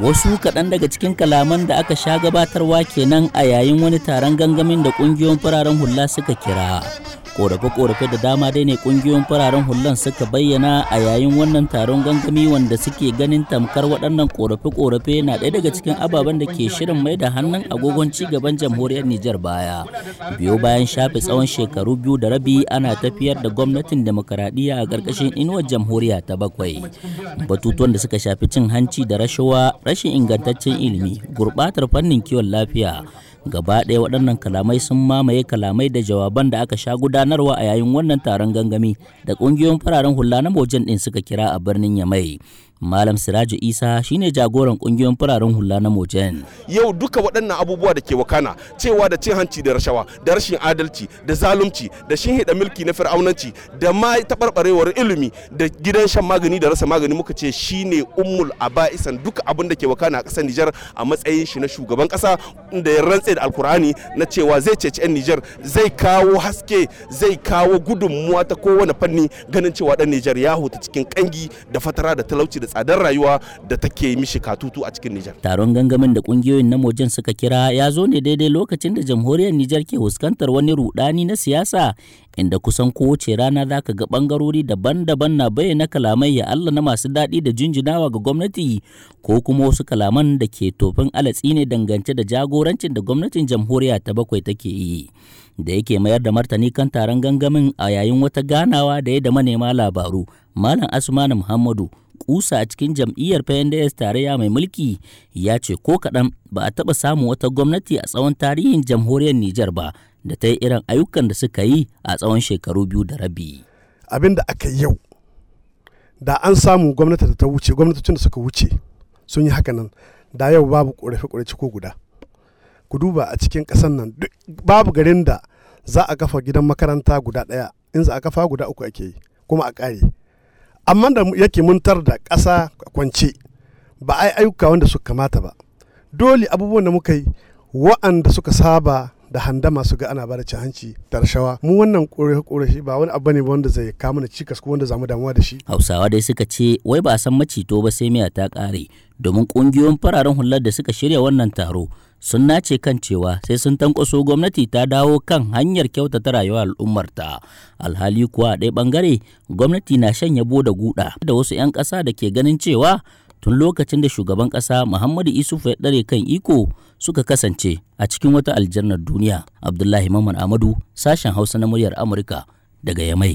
wasu kaɗan daga cikin kalaman da aka sha gabatarwa kenan a yayin wani taron gangamin da ƙungiyoyin fararen hula suka kira korafe-korafe da dama dai ne kungiyoyin fararen hulan suka bayyana a yayin wannan taron gangami wanda suke ganin tamkar waɗannan korafe-korafe na ɗaya daga cikin ababen da ke shirin mai da hannun agogon ci gaban jamhuriyar Nijar baya. Biyo bayan shafe tsawon shekaru biyu da rabi ana tafiyar da gwamnatin demokaradiyya a ƙarƙashin inuwar jamhuriya ta bakwai. Batutuwan da suka shafi cin hanci da rashawa, rashin ingantaccen ilimi, gurɓatar fannin kiwon lafiya, gaba ɗaya waɗannan kalamai sun mamaye kalamai da jawaban da aka sha gudanarwa a yayin wannan taron gangami da ƙungiyoyin fararen hula na mojan ɗin suka kira a birnin yamai Malam Siraju Isa shine jagoran kungiyoyin fararen hula na Mojen. Yau duka waɗannan abubuwa da ke wakana cewa da cin hanci da rashawa da rashin adalci da zalunci da shinhiɗa mulki na fir'aunanci da ma taɓarɓarewar ilimi da gidan shan magani da rasa magani muka ce shine ummul aba'isan duka abin da ke wakana a ƙasar Nijar a matsayin shi na shugaban ƙasa inda ya rantse da Alkur'ani na cewa zai ceci 'yan Nijar zai kawo haske zai kawo gudunmuwa ta kowane fanni ganin cewa ɗan Nijar ya huta cikin kangi da fatara da talauci da tsadar rayuwa da take mishi katutu a cikin Nijar. Taron gangamin da kungiyoyin na Mojen suka kira ya zo ne daidai lokacin da jamhuriyar Nijar ke fuskantar wani rudani na siyasa inda kusan kowace rana za ka ga bangarori daban-daban na bayyana kalamai ya Allah na masu daɗi da jinjinawa ga gwamnati ko kuma wasu kalaman da ke tofin alatsi ne dangance da jagorancin da gwamnatin jamhuriya ta bakwai take yi. da yake mayar da martani kan taron gangamin a yayin wata ganawa da ya da manema labaru malam asmanu muhammadu kusa a cikin jam'iyyar PNDS tarayya mai mulki ya ce ko kaɗan ba a taɓa samun wata gwamnati a tsawon tarihin jamhuriyar Nijar ba da ta yi irin ayyukan da suka yi a tsawon shekaru biyu da rabi. Abin da aka yau da an samu gwamnati da ta wuce gwamnatocin da suka wuce sun yi haka nan da yau babu ƙorafe-ƙorafe ko guda. Ku duba a cikin ƙasar nan babu garin da za a kafa gidan makaranta guda ɗaya in za a kafa guda uku ake yi kuma a ƙare. amma da yake muntar da ƙasa kwance ba a yi ayyuka wanda suka kamata ba dole abubuwan da muka yi wa'anda suka saba da handa masu ga ana bada cin hanci da rashawa mu wannan ƙorashi ba wani abu ne wanda zai kawo mana cikas ko wanda zamu damuwa da shi hausawa dai suka ce wai ba san macito ba sai miya ta ƙare domin ƙungiyoyin fararen hular da suka shirya wannan taro sun nace kan cewa sai sun tankwaso gwamnati ta dawo kan hanyar kyautata rayuwar al'ummarta alhali kuwa a ɗaya ɓangare gwamnati na shan yabo da guda da wasu 'yan ƙasa da ke ganin cewa tun lokacin da shugaban ƙasa muhammadu isufu ya ɗare kan iko suka kasance a cikin wata aljannar duniya abdullahi mamman amadu sashen hausa na muryar amurka daga yamai